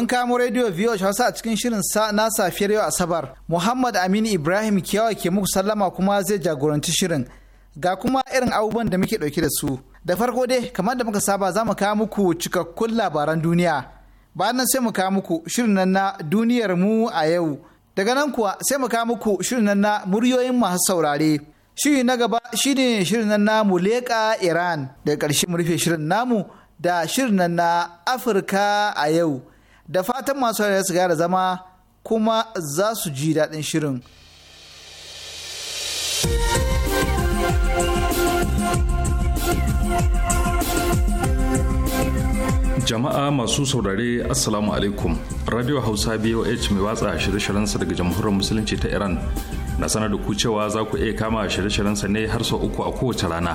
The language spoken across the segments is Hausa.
Kun kamo rediyo VOH Hausa a cikin shirin sa na safiyar yau Asabar. Muhammad Aminu Ibrahim Kiyawa ke muku sallama kuma zai jagoranci shirin. Ga kuma irin abubuwan da muke ɗauke da su. Da farko dai, kamar da muka saba za mu kawo muku cikakkun labaran duniya. Bayan nan sai mu kawo muku shirin nan na duniyar mu a yau. Daga nan kuwa sai mu kawo muku shirin nan na muryoyin masu saurare. Shiri na gaba shine shirin nan na leƙa Iran. Daga ƙarshe mu rufe shirin namu da shirin nan na Afirka a yau. da fatan masu haɗa su gara zama kuma za su ji daɗin shirin. jama'a masu saurare assalamu alaikum radio hausa boh mai watsa shirye-shiryensa daga jamhuriyar musulunci ta iran na sanar da ku cewa za ku iya kama shirye-shiryensa ne har sau uku a kowace rana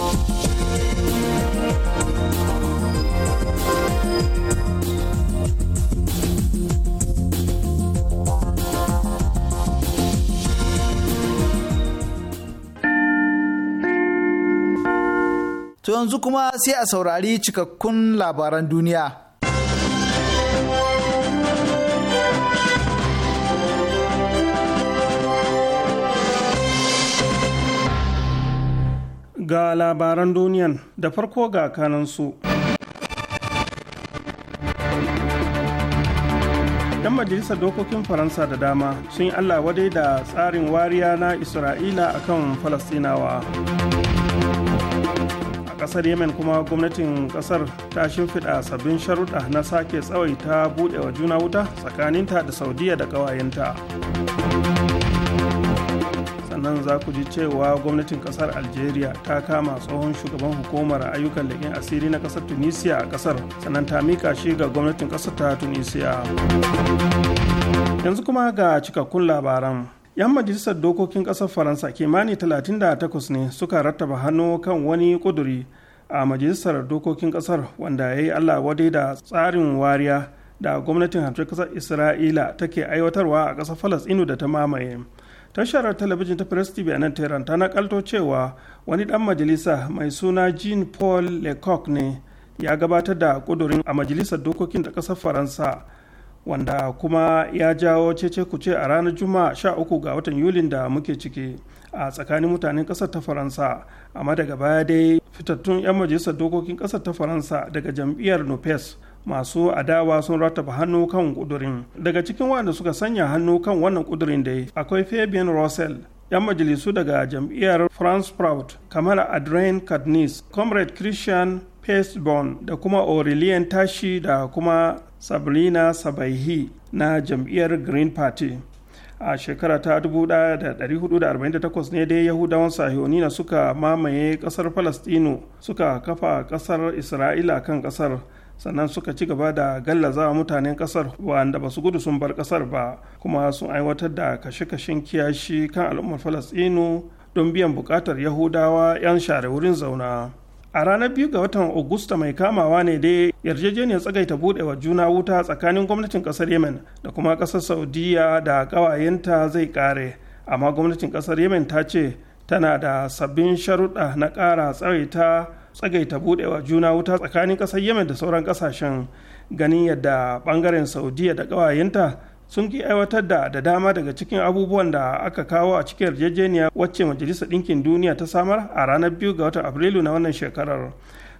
To yanzu kuma sai a saurari cikakkun labaran duniya. Ga labaran duniyan da farko ga kanansu. ‘Yan majalisar dokokin Faransa da dama sun yi Allah wadai da tsarin wariya na Isra'ila akan Falasɗinawa. kasar yemen kuma gwamnatin kasar ta shimfiɗa sabbin sharuɗa na sake tsawai tsawaita buɗewa juna wuta tsakaninta da saudiya da ƙawayenta sannan za ku ji cewa gwamnatin kasar algeria ta kama tsohon shugaban hukumar ayyukan leƙen asiri na kasar tunisia a kasar sannan ta mika shi ga gwamnatin kasar ta tunisia yanzu kuma ga cikakkun labaran 'yan majalisar dokokin kasar faransa kimani 38 ne suka rattaba hannu kan wani ƙuduri a majalisar dokokin ƙasar wanda ya yi allah wadai da tsarin wariya da gwamnatin hamshin ƙasar isra'ila take aiwatarwa a ƙasar inu da ta mamaye tashar talabijin ta press tv a nan tehran ta nakalto cewa wani dan majalisa mai suna jean paul lecoq ne ya gabatar da ƙudurin a majalisar dokokin da ƙasar faransa wanda kuma ya jawo cece kuce a ranar juma'a 13 ga watan yulin da muke ciki a tsakanin mutanen ƙasar ta faransa amma daga baya dai fitattun 'yan majalisar dokokin ƙasar ta faransa daga jam'iyyar nupes masu adawa sun rataba hannu kan kudurin daga cikin wanda suka sanya hannu kan wannan kudurin dai akwai fabian russell 'yan majalisu daga jam'iyyar france proud kamar adrian cadnis comrade christian Pestborn da kuma Aurelien Tashi da kuma sabrina sabaihi na jam'iyyar green party a shekara ta 1448 ne dai yahudawan sahiyonina suka mamaye ƙasar falastinu suka kafa ƙasar isra'ila kan ƙasar sannan suka ci gaba da gallaza mutanen kasar wanda ba su gudu sun bar kasar ba kuma sun aiwatar da kashe-kashen kiyashi kan al'ummar falastinu don biyan buƙatar yahudawa 'yan share wurin zauna a ranar biyu ga watan Agusta mai kamawa ne dai yarjejeniyar tsagaita budewa juna wuta tsakanin gwamnatin kasar Yemen da kuma kasar Saudiya da kawayenta zai kare. Amma gwamnatin kasar Yemen ta ce tana da sabbin sharuɗa na ƙara tsawaita tsagaita budewa juna wuta tsakanin kasar Yemen da sauran kasashen ganin yadda bangaren Saudiya da kawayenta sun ki aiwatar da da dama daga cikin abubuwan da aka kawo a cikin yarjejeniya wacce majalisar ɗinkin duniya ta samar a ranar biyu ga watan afrilu na wannan shekarar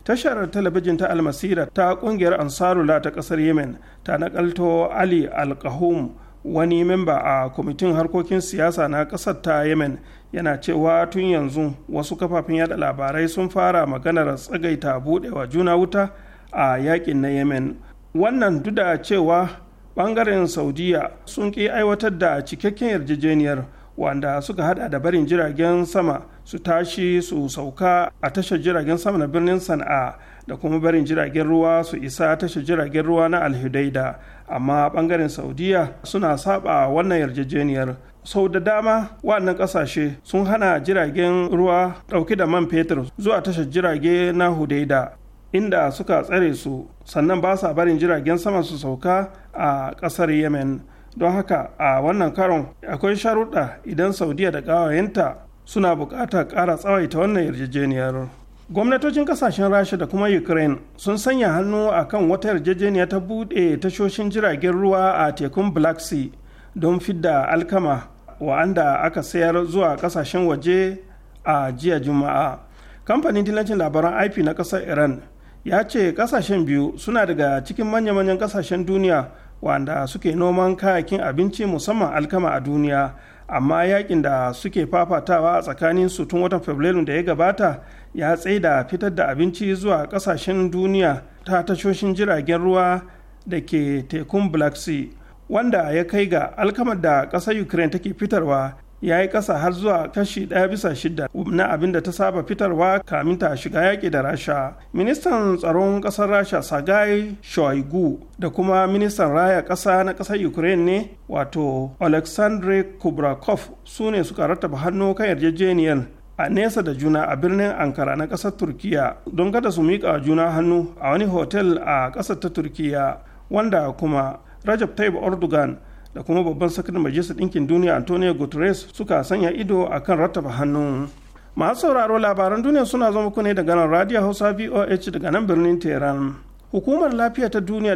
tashar talabijin ta almasira ta kungiyar ansarula ta ƙasar yemen ta nakalto ali alkahum wani memba a kwamitin harkokin siyasa na ƙasar ta yemen yana cewa tun yanzu wasu kafafen yada labarai sun fara maganar tsagaita buɗewa juna wuta a yakin na yemen wannan duk cewa bangaren saudiya sun ƙi aiwatar da cikakken yarjejeniyar wanda suka hada da barin jiragen sama su tashi su sauka a tashar jiragen sama na birnin sana'a da kuma barin jiragen ruwa su isa tashar jiragen ruwa na alhudaida amma bangaren saudiya suna saba wannan yarjejeniyar sau da dama waɗannan ƙasashe sun hana jiragen ruwa ɗauki da man fetur zuwa tashar jirage na hudaida inda suka tsare su sannan ba sa barin jiragen sama su sauka a ƙasar yemen don haka a wannan karon akwai sharuɗa idan saudiya da ƙawayenta suna buƙatar ƙara tsawaita wannan yarjejeniyar gwamnatocin kasashen rasha da kuma ukraine sun sanya hannu a kan wata yarjejeniya ta buɗe tashoshin jiragen ruwa a tekun black sea don fidda alkama wa'anda aka sayar zuwa kasashen waje a jiya juma'a kamfanin dillacin labaran ip na ƙasar iran ya ce kasashen biyu suna daga cikin manya-manyan kasashen duniya wanda suke noman kayakin abinci musamman alkama a duniya amma yakin da suke fafatawa a tsakanin su tun watan fabrairu da ya gabata ya tsaida fitar da abinci zuwa kasashen duniya ta tashoshin jiragen ruwa da ke tekun black sea wanda ya kai ga alkamar da ƙasar ukraine take fitarwa ya yi ƙasa har zuwa kashi ɗaya bisa shida na abin da ta saba fitarwa kamin ta shiga yaƙi da rasha ministan tsaron ƙasar rasha sagai shoigu da kuma ministan raya ƙasa na ƙasar ukraine ne wato alexandre kubrakov su ne suka rattaba hannu kan yarjejeniyar a nesa da juna a birnin ankara na ƙasar turkiya don kada su miƙa juna hannu a wani hotel a ƙasar ta turkiya wanda kuma rajab tayyip erdogan da kuma babban sakataren majalisar ɗinkin duniya antonio guterres suka sanya ido a kan rattaba hannu masu sauraro labaran duniya suna zama kune ne daga nan radio hausa voh daga nan birnin tehran hukumar lafiya ta duniya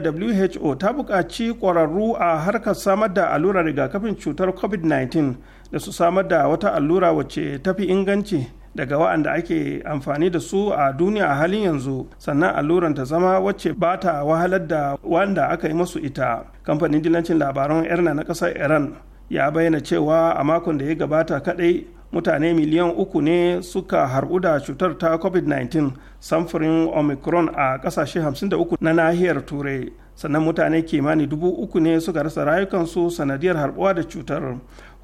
who ta buƙaci ƙwararru a harkar samar da allurar rigakafin cutar covid-19 da su samar da wata allura wacce tafi inganci daga wa'anda ake amfani da su a duniya a halin yanzu sannan alluran ta zama wacce ba ta wahalar da wanda aka yi masu ita kamfanin dilancin labaran erna na ƙasar iran ya bayyana cewa a makon da ya gabata kaɗai mutane miliyan uku ne suka harbu da cutar ta covid-19 samfurin omicron a kasashe 53 na nahiyar turai sannan mutane kimanin dubu uku ne suka rasa rayukansu sanadiyar harbuwa da cutar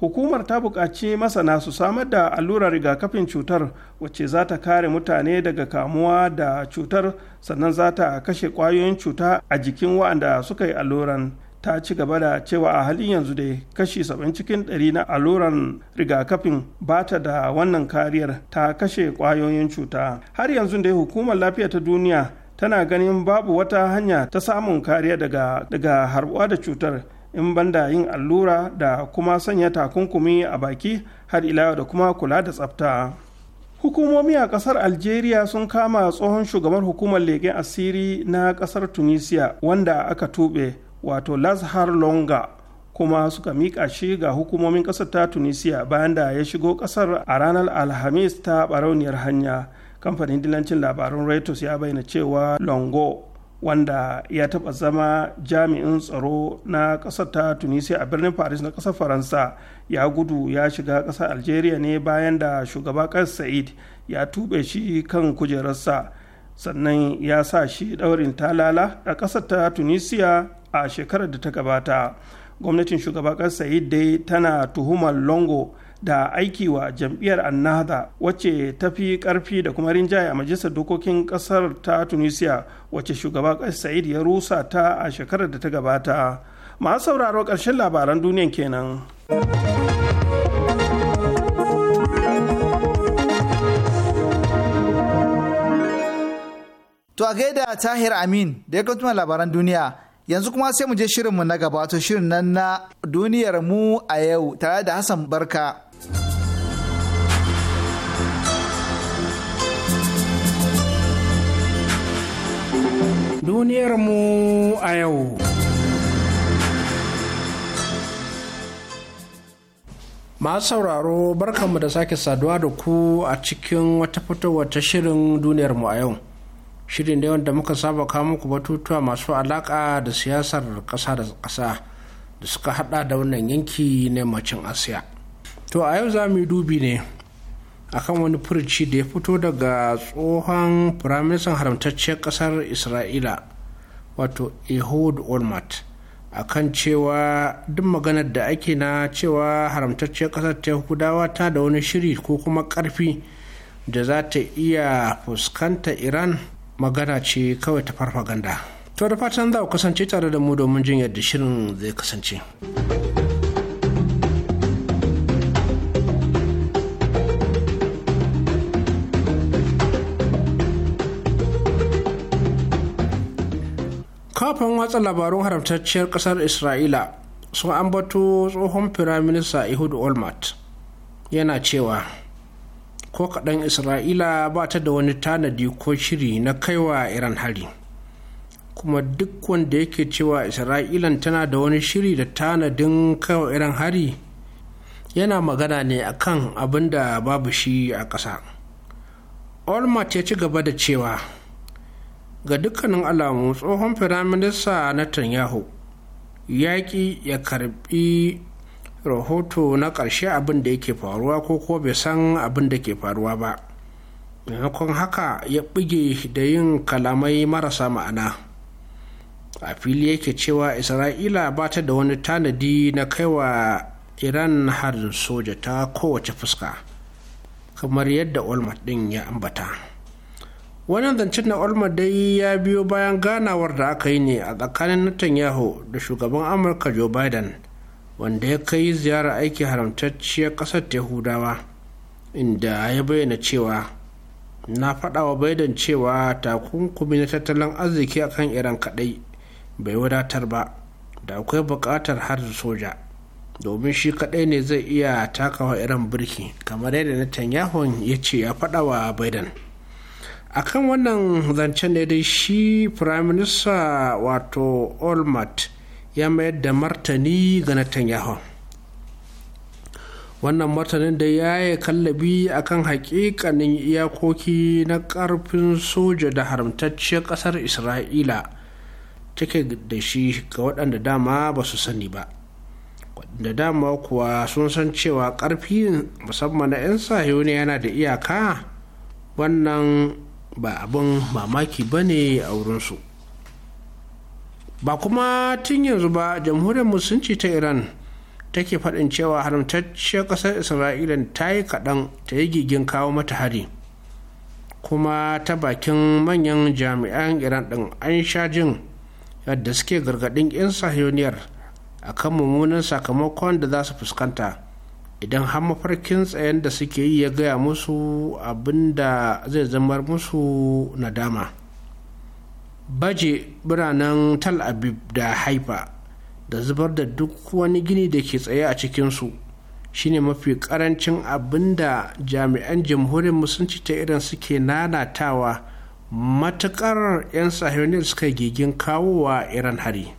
hukumar ta buƙaci masana su samar da allurar rigakafin cutar wacce za ta kare mutane daga kamuwa da cutar sannan za ta kashe ƙwayoyin cuta a jikin wa'anda suka yi alluran ta ci gaba da cewa a halin yanzu dai kashi 70 cikin 100 na alluran rigakafin ba ta da wannan kariyar ta kashe ƙwayoyin cuta har yanzu dai hukumar lafiya ta duniya tana ganin babu wata hanya ta samun kariya daga harbuwa da cutar in banda yin allura da kuma sanya takunkumi a baki har ila da kuma kula da tsafta hukumomi a kasar algeria sun kama tsohon shugaban hukumar leƙen asiri na kasar tunisia wanda aka tuɓe wato lazhar longa kuma suka miƙa shi ga hukumomin ƙasar ta tunisia bayan da ya shigo ƙasar a ranar alhamis ta barauniyar hanya kamfanin dilancin labarun reuters ya bayyana cewa longo wanda ya taɓa zama jami'in tsaro na ƙasar ta tunisia a birnin paris na ƙasar faransa ya gudu ya shiga ƙasar algeria ne bayan da shugaba said ya tuɓe shi kan kujerarsa sannan ya sa shi ɗaurin talala a ƙasar ta tunisia a shekarar da ta gabata gwamnatin shugaba ƙasar said dai tana tuhumar longo da aiki wa jam'iyyar annahda wacce ta fi karfi da kuma rinjaye a majalisar dokokin kasar ta tunisia wace shugaba sa'id ya rusa ta a shekarar da ta gabata masu sauraro karshen labaran duniyan kenan. To a gaida Tahir Amin da ya kuma labaran duniya yanzu kuma sai mu je shirinmu na gaba shirin nan na duniyar mu a yau tare da Hassan Barka. Duniyarmu a yau. Masu sauraro barkanmu da sake saduwa da ku a cikin wata fitowar ta shirin duniyarmu a yau. Shirin da wanda muka saba kawo ku batutuwa masu alaƙa da siyasar ƙasa da ƙasa da suka haɗa da wannan yanki na macin Asiya. To a yau za mu yi dubi ne akan wani furuci da ya fito daga tsohon firaministan haramtacciyar kasar isra'ila wato ehud olmert akan cewa duk maganar da ake na cewa haramtacciyar kasar ta yahudawa ta da wani shiri ko kuma karfi da za ta iya fuskanta iran magana ce kawai ta farfaganda to da fatan za ku kasance tare da mu domin jin yadda shirin zai kasance. kafafen watsa labarun haramtacciyar kasar isra'ila sun ambato tsohon firaminista ehud olmert yana cewa ko kaɗan isra'ila ba ta da wani tanadi ko shiri na kaiwa iran hari kuma duk wanda yake cewa isra'ilan tana da wani shiri da tanadin kaiwa iran hari yana magana ne akan abin da babu shi a ƙasa olmert ya ci gaba da cewa ga dukkanin alamu tsohon firaminista netanyahu yaƙi ya karbi rahoto na ƙarshe abin da yake faruwa ko ko bai san abin da ke faruwa ba maimakon haka ya ɓige da yin kalamai marasa ma'ana a fili yake cewa isra'ila ba ta da wani tanadi na kaiwa iran harin soja ta kowace fuska kamar yadda olmert ɗin ya ambata. wannan zancen na olmert dai ya biyo bayan ganawar da aka yi ne a tsakanin netanyahu da shugaban amurka joe biden wanda ya kai ziyara aiki haramtacciyar ƙasar yahudawa inda ya bayyana cewa na faɗa wa biden cewa takunkumi na tattalin arziki akan iran kaɗai bai wadatar ba da akwai buƙatar har soja domin shi kaɗai ne zai iya takawa iran birki kamar yadda netanyahu ya ce ya faɗa wa biden akan wannan zancen ne dai shi prime minister wato olmert ya mayar da martani ga netanyahu wannan martanin da ya yi kallabi akan hakikanin iyakoki na karfin soja da haramtacciyar kasar isra'ila take da shi ga waɗanda dama ba su sani ba da dama kuwa sun san cewa ƙarfi musamman na 'yan ne yana da iyaka wannan ba abin mamaki ba ne a wurinsu ba kuma tun yanzu ba jamhuriyar musulunci ta iran take faɗin cewa haramtacciyar ƙasar isra'ila ta yi kaɗan ta yi gigin kawo mata hari kuma ta bakin manyan jami'an iran ɗin an sha jin yadda suke gargaɗin 'yan sahiyoniyar kan mummunan sakamakon da za su fuskanta idan har mafarkin tsayen da suke yi ya gaya musu abinda zai zamar musu nadama baje biranen tal abib da haifa da zubar da duk wani gini da ke tsaye a cikinsu shine mafi karancin abinda da jami'an jamhuriyar musulunci ta irin suke nanatawa matukar 'yan sahihunin suka gigin kawowa irin hari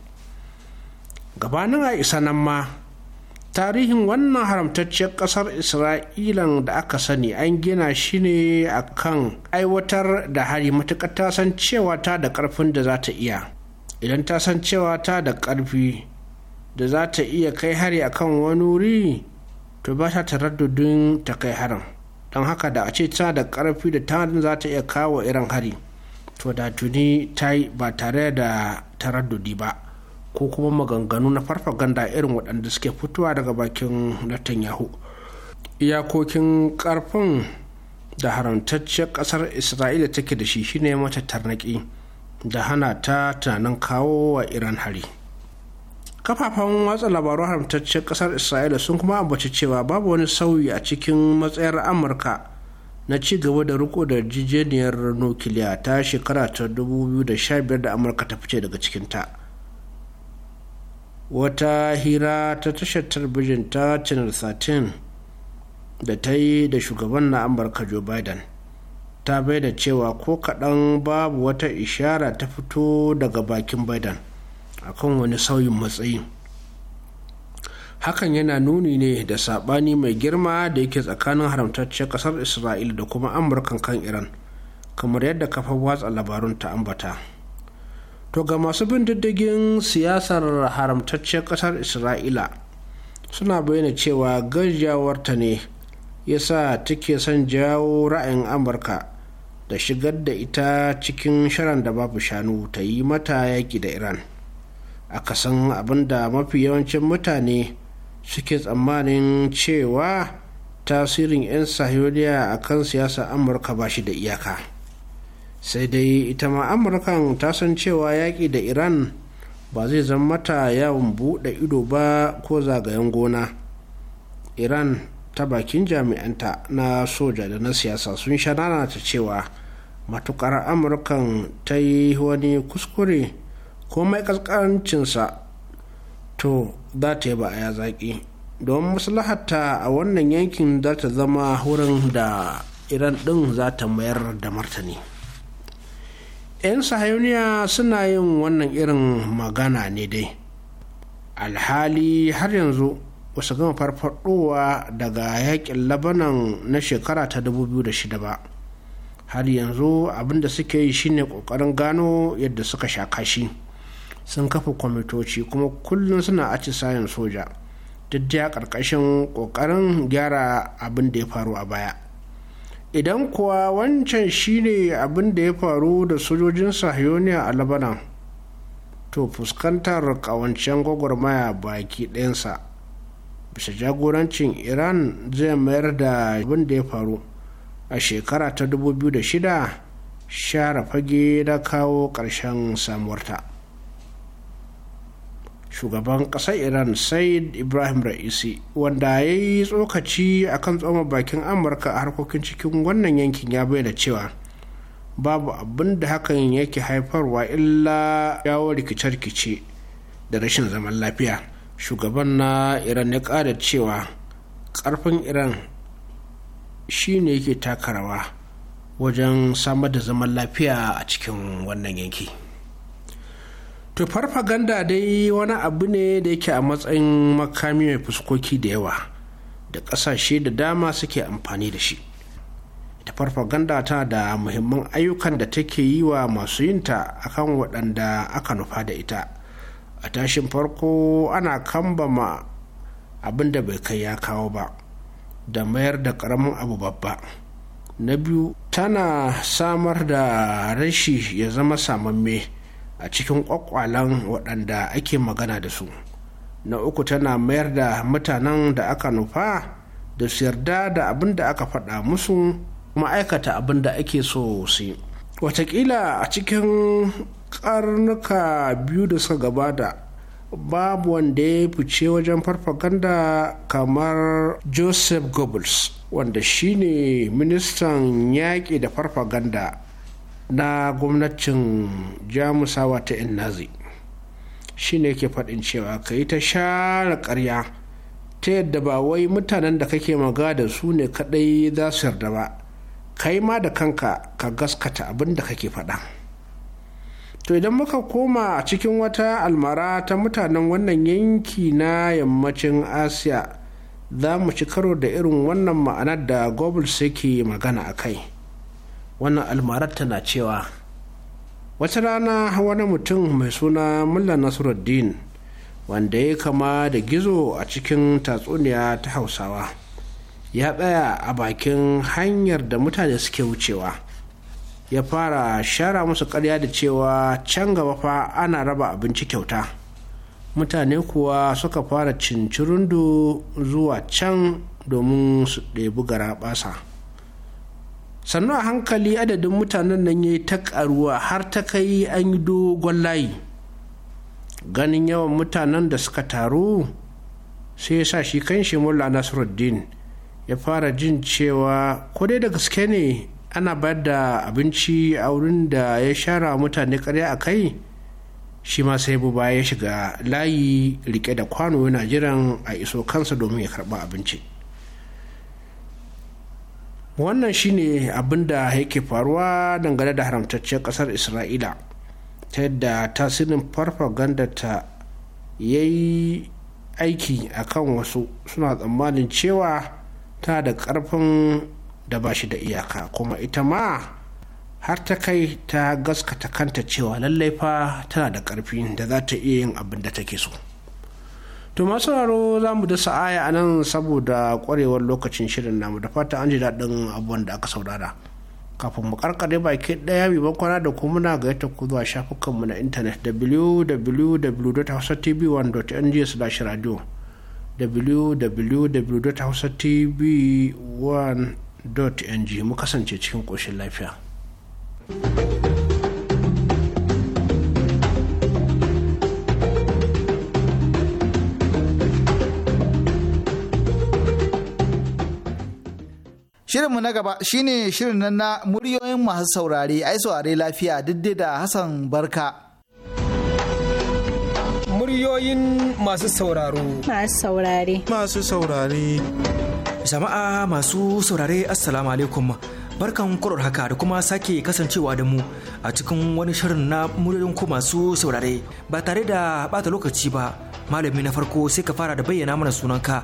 gabanin a isa nan ma tarihin wannan haramtacciyar ƙasar isra'ilan da aka sani an gina shi ne a kan aiwatar da hari matuƙar ta san cewa ta da ƙarfin da za ta iya idan ta san cewa ta da ƙarfi da za ta iya kai hari a kan wani wuri to ba ta taraddudin ta kai harin don haka da a ce ta da ƙarfi da tarin za ta iya kawo irin hari to da tuni ta yi ba tare da taraddudi ba ko kuma maganganu na farfaganda irin waɗanda suke fitowa daga bakin Netanyahu. Iyakokin ƙarfin da haramtacciyar ƙasar Isra'ila take da shi shine mata tarnaki da hana ta tunanin kawo wa Iran hari. kafafen watsa labaru haramtacciyar ƙasar isra'ila sun kuma ambaci cewa babu wani sauyi a cikin matsayar amurka na ci gaba da riko da jijiyar nukiliya ta shekara ta 2015 da amurka ta fice daga cikin ta. wata hira ta tashar talabijin ta channel 13 da ta yi da shugaban na amurka joe biden ta da cewa ko kaɗan babu wata ishara ta fito daga bakin biden akan wani sauyin matsayi hakan yana nuni ne da saɓani mai girma da yake tsakanin haramtacciyar ƙasar isra'ila da kuma amurkan kan iran kamar yadda kafar watsa labarun ta ambata. to ga masu bin diddigin siyasar haramtacciyar kasar isra'ila suna bayyana cewa ta ne ya sa take son jawo ra'ayin amurka da shigar da ita cikin sharan da babu shanu ta yi mata yaƙi da iran akasin abin da mafi yawancin mutane suke tsammanin cewa tasirin 'yan sahiyoliya a kan siyasar amurka ba shi da iyaka sai dai ita ma amurkan ta san cewa yaƙi da iran ba zai zama mata yawon buɗe ido ba ko zagayen gona iran ta bakin jami'anta na soja da na siyasa sun sha ta cewa matukar amurkan ta yi wani kuskure ko mai ƙasƙancinsa to za ta yi ba a zaƙi don maslahata a wannan yankin za ta zama wurin da iran ɗin za ta mayar da martani. 'yan sahayuniya suna yin wannan irin magana ne dai alhali har yanzu wasu gama farfadowa daga yakin labanan na shekara ta 2006 ba har yanzu abinda suke yi shine kokarin gano yadda suka sha kashi sun kafa kwamitoci kuma kullum suna atisayen soja duk da ƙarƙashin ƙoƙarin gyara abinda ya faru a baya idan kuwa wancan shine abin da ya faru da sojojin sahiyoniya a labanan to fuskantar kawancen gwagwarmaya baki ɗayansa bisa jagorancin iran zai mayar da abin da ya faru a shekara ta 2006 share fage da kawo ƙarshen samuwarta. shugaban ƙasar iran said ibrahim ra'isi wanda ya yi tsokaci a kan tsoma bakin amurka a harkokin cikin wannan yankin ya bayyana cewa babu abin da hakan yake haifarwa illa yawo rikice-rikice da rashin zaman lafiya shugaban na iran ya ƙara cewa ƙarfin iran shi ne yake taka rawa wajen samar da zaman lafiya a cikin wannan yanki. to farfaganda dai wani abu ne da yake a matsayin makami mai fuskoki da yawa da ƙasashe da dama suke amfani da shi ta farfaganda ta da muhimman ayyukan da take yi wa masu yinta akan waɗanda aka nufa da ita a tashin farko ana kambama abin da bai kai ya kawo ba da mayar da ƙaramin abu babba na biyu tana samar da rashi ya zama samamme a cikin kwakwalan waɗanda ake magana da su na uku tana mayar da mutanen da aka nufa da su yarda da abin da aka faɗa musu kuma aikata abin da ake so su watakila a cikin karnuka biyu da suka gabata babu wanda ya fice wajen farfaganda kamar joseph goebbels wanda shine ministan yaƙi da farfaganda na gwamnatin jamusawa ta yan nazi shi ne ke faɗin cewa ka yi ta share ƙarya ta yadda ba wai mutanen da kake maga da su ne kaɗai za su yarda ba kai ma da kanka ka gaskata abin da kake faɗa to idan muka koma a cikin wata almara ta mutanen wannan yanki na yammacin asiya za mu ci karo da irin wannan ma'anar da gobles yake magana a kai wannan almarar tana cewa wata rana wani mutum mai suna mulla nasiruddin wanda ya kama da gizo a cikin tatsuniya ta hausawa ya tsaya a bakin hanyar da mutane suke wucewa ya fara shara musu karya da cewa can gaba fa ana raba abinci kyauta mutane kuwa suka fara cincirundu zuwa can domin su ɗebi gara basa. sannu a hankali adadin mutanen nan ya yi ta karuwa har ta kai an yi dogon layi ganin yawan mutanen da suka taru sai ya sa shi kan shi mulla nasiruddin ya fara jin cewa ko dai da gaske ne ana bayar da abinci a wurin da ya shara mutane karya a kai shi ma sai buba ya shiga layi rike da kwano yana jiran a iso kansa domin ya karba abinci wannan shine abin da yake faruwa dangane da haramtacciyar kasar isra'ila ta yadda tasirin farfaganda ta ya yi aiki a kan wasu suna tsammanin cewa ta da karfin da ba shi da iyaka kuma ita ma har ta kai ta gaskata kanta cewa lallai fa tana da karfi da za ta iya yin abin da take so. to masu sauraro za mu da sa'aya a nan saboda kwarewar lokacin shirin namu da fata an ji daɗin abubuwan da aka saurara kafin mu karkare baki ɗaya mai bankwana da kuma na ga yata ku zuwa shafukanmu na intanet www.hausatv1.ng/radio www.hausatv1.ng mu kasance cikin ƙoshin lafiya. thank you Shirinmu na gaba shine shirin nan na muryoyin masu saurare ai saurare lafiya didde da Hassan Barka. Muryoyin masu sauraro. Masu saurare. Masu saurare. Jama'a masu saurare Assalamu alaikum. Barkan kurar haka da kuma sake kasancewa da mu a cikin wani shirin na muryoyin ku masu saurare ba tare da bata lokaci ba malami na farko sai ka fara da bayyana mana sunanka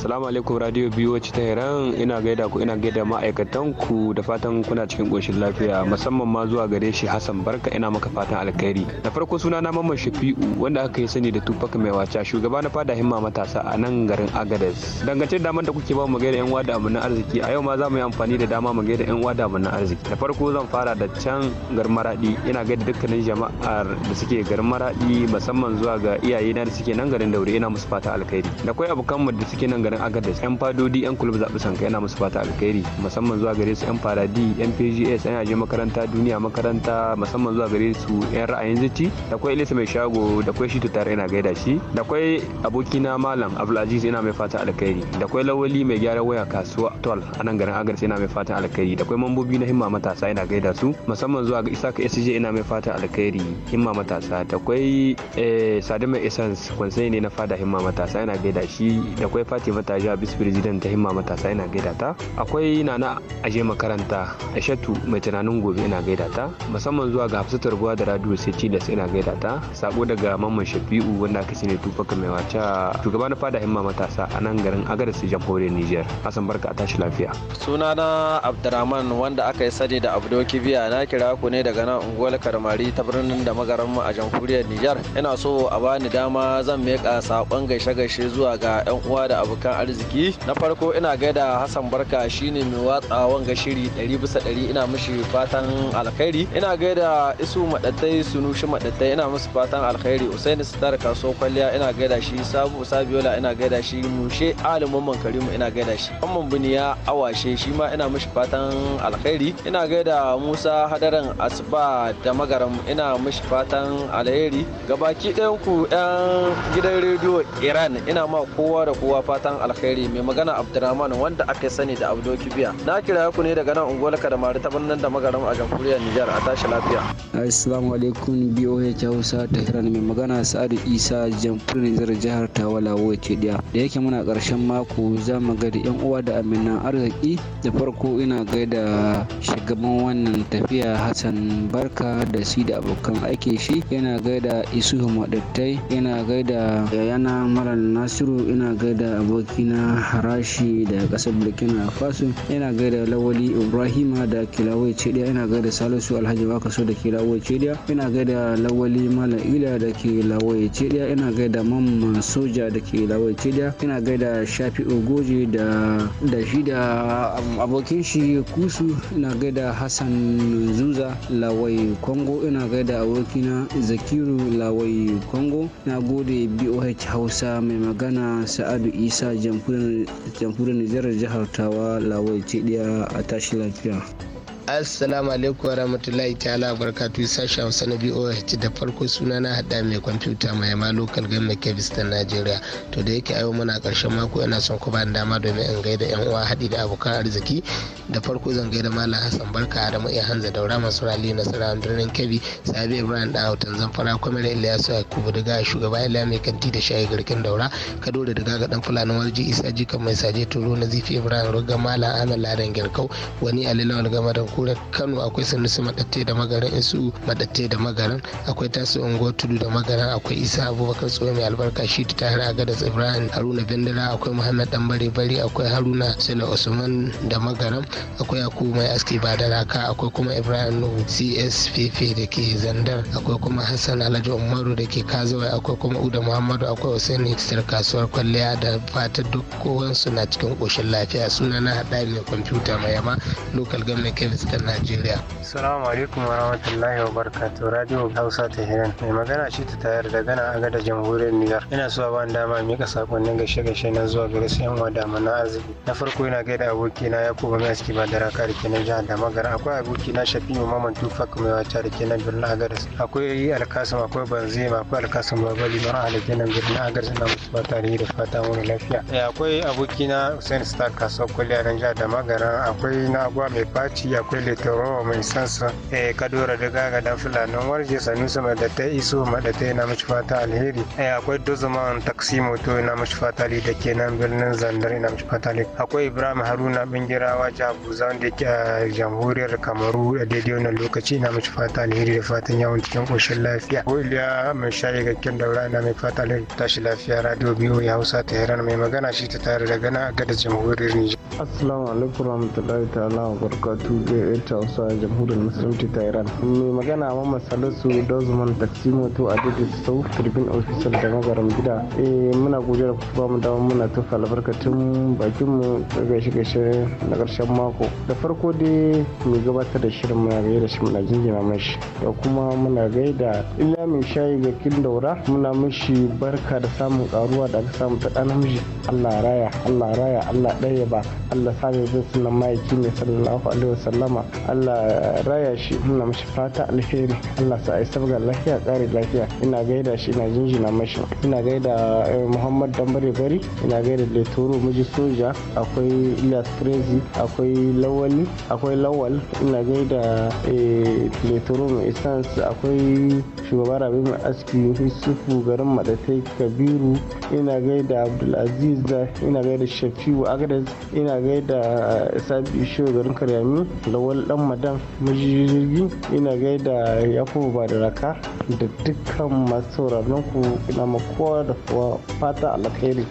Salamu alaikum radio biyu wacce ta heran ina gaida ku ina gaida ma'aikatan ku da fatan kuna cikin ƙoshin lafiya musamman ma zuwa gare shi Hassan Barka ina maka fatan alkhairi. Da farko suna na Mamman Shafi'u wanda aka yi sani da Tupac mai wacha shugaba na fada himma matasa a nan garin Agadez. Dangance da damar da kuke ba mu gaida yan wada mu arziki a yau ma za mu yi amfani da dama mu gaida yan wada mu arziki. Da farko zan fara da can garin Maradi ina gaida dukkanin jama'ar da suke garin Maradi musamman zuwa ga iyaye na da suke nan garin Daure ina musu fata alkhairi. Da kai abokan mu da suke nan garin agadez yan fadodi yan kulub zaɓi sanka yana musu fata alkhairi musamman zuwa gare su yan faradi yan pgs yan aje makaranta duniya makaranta musamman zuwa gare su yan ra'ayin zici da kwai ilisa mai shago da kwai shitu tare yana gaida shi da kwai abokina malam abdulaziz yana mai fata alkhairi da kwai lawali mai gyara waya kasuwa tol a nan garin agadez yana mai fata alkhairi da kwai mambobi na himma matasa yana gaida su musamman zuwa ga isaka sj yana mai fata alkhairi himma matasa da kwai eh, sadima essence kwansai ne na fada himma matasa yana gaida shi da kwai fatima matashi Habisu firizidan ta himma matasa ina gaida ta. Akwai Nana Aje makaranta ashatu mai tunanin gobe ina gaida ta. Musamman zuwa ga Hafsatu Rubuwa da Radio Sai da ina gaida ta. Sako daga Mamman Shafi'u wanda aka ne tufaka mai wace Shugaba na fada himma matasa a nan garin su Jamhuriyar Niger. hasan barka a tashi lafiya. Sunana Abdurrahman wanda aka yi sani da Abdo Kibiya na kira ku ne daga nan unguwar Karmari ta birnin da magaran mu a Jamhuriyar Niger. Ina so a bani dama zan miƙa sakon gaishe-gaishe zuwa ga 'yan uwa da abokan abokan arziki na farko ina gaida hassan barka shine mai watsa wanga shiri ɗari bisa ɗari ina mishi fatan alkhairi ina gaida isu maɗattai sunushi maɗattai ina musu fatan alkhairi usaini sitar kaso kwalliya ina gaida shi sabu sabiola ina gaida shi mushe alimin mankarimu ina gaida shi amman buniya awashe shi ma ina mishi fatan alkhairi ina gaida musa hadaran asuba da magaram ina mishi fatan alheri gabaki ɗayan ku 'yan gidan rediyo iran ina ma kowa da kowa fatan alkhairi mai magana Abdurrahman wanda aka sani da Abdo Kibiya. Na kira ku ne daga nan unguwar Kadamari ta birnin da magaram a jamhuriyar Nijar a tashi lafiya. Assalamu alaikum BOH Hausa ta Hiran mai magana Sa'adu Isa jamhuriyar Nijar jihar Tawala wace diya. Da yake muna karshen mako za mu ga da 'yan uwa da aminan arziki da farko ina gaida shugaban wannan tafiya Hassan Barka da shi da abokan aiki shi yana gaida Isuhu Madattai yana gaida yana Maral Nasiru ina gaida abokan na harashi da kasar burkina faso yana gaida lawali ibrahima da kilawai cediya yana gaida salisu alhaji bakaso da kilawai cediya yana gaida lawali malam ila da kilawai cediya yana gaida mamma soja da kilawai cediya yana gaida shafi ogoje da da abokin shi kusu ina gaida hassan zuza lawai kongo ina gaida abokina zakiru lawai kongo na gode boh hausa mai magana sa'adu isa jamhuriyar nijar jihar tawa lawai cidiya a tashi lafiya assalamu alaikum wa rahmatullahi ta'ala barkatu sashen hausa na boh da farko suna na hada mai kwamfuta mai ma local game kebis ta najeriya to da yake ayo muna karshen mako yana son ku ba dama domin in gaida yan uwa haɗi da abokan arziki da farko zan gaida malam hassan barka adamu iya hanza daura masu rali na sarawan birnin kebbi sabi ibrahim da hautan zamfara kwamar ilyasu yakubu daga shugaba ilya mai kanti da shayi garkin daura kadore daga ga dan fulani waje isa jikan mai saje turo na zifi ibrahim ruga mala amin ladan girkau wani alilawal da ku kura kano akwai sanusi madatte da magaran isu madatte da magaran akwai tasu unguwar tudu da magaran akwai isa abubakar tsohon mai albarka shi ta tare a gadas ibrahim haruna bindira akwai muhammad dan bare bari akwai haruna sani usman da magaran akwai aku mai aski ba da raka akwai kuma ibrahim nuhu cspp da ke zandar akwai kuma hassan alhaji umaru da ke kazawai akwai kuma uda muhammadu akwai usaini sitar kasuwar kwalliya da fata duk kowansu na cikin koshin lafiya suna na haɗa mai kwamfuta mai yama local government kevin tarayyar Najeriya. Salamu alaikum wa rahmatullahi wa barakatuh. Radio Hausa ta Hiran. Mai magana ce ta tayar da gana a gada jamhuriyar Niger. Ina so ban dama mika sakonnin gaishe-gaishe na zuwa ga wasu yan wada mana arziki. Na farko ina gaida abokina Yakubu Gaski ba da raka da kenan jihar Damagar. Akwai abokina Shafi'u Maman Tufak mai wata da kenan birnin Agadez. Akwai Alkasim akwai Banzema akwai Alkasim Babali mara da kenan birnin Agadez ina musu fata da fata mu lafiya. Eh, akwai abokina Hussein Star kasuwar kwalliya na jihar Damagar. Akwai na agwa mai faci Bello Toro mai sansa eh Kadora da Gaga da Fulanin Warje Sanusi mai da ta iso mada ta yana mashi fata alheri eh akwai Dozuman taksi moto yana mashi fata alheri da ke nan birnin Zandar yana mashi fata alheri akwai Ibrahim Haruna Bingirawa Jabuza wanda yake a jamhuriyar Kamaru a daidai wannan lokaci yana mashi fata alheri da fatan yawon cikin koshin lafiya ko Iliya mai shayi gakken daura yana mai fata alheri tashi lafiya radio biyu ya Hausa ta Tehran mai magana shi ta tare da gana a gadar jamhuriyar Nijar. Assalamu alaikum warahmatullahi ta'ala wa barakatuhu ta hausa jamhuriyar musulunci ta iran mai magana mamman salisu dozman moto a daidai sau turbin ofisar da magarin gida e muna godiya da kuma mu dama muna tufa albarkatun bakin mu gaishe gaishe na karshen mako da farko dai mu gabatar da shirin muna gaida shi muna jinjina mashi da kuma muna gaida illa mai shayi ga kin daura muna mishi barka da samun karuwa da aka samu ta namiji Allah raya Allah raya Allah ɗaya ba Allah sa ne zai suna ma'aiki mai sallallahu alaihi wasallam sama Allah raya shi ina mashi fata alheri Allah sa ai sabga lafiya kare lafiya ina gaida shi ina jinjina mashi ina gaida eh, Muhammad Dambare Bari ina gaida Letoro miji soja akwai Ilyas Crazy akwai Lawali akwai Lawal ina gaida eh, Letoro mai essence akwai shugaba Rabi mai aski Yusufu garin Madatai Kabiru ina gaida Abdulaziz ina gaida Shafiu Agadez ina gaida eh, Sabi Isho garin Karyami da dan madan majirgi ina gaida yakubu ba da raka da dukkan masu ku ina makowa da fata alkhairi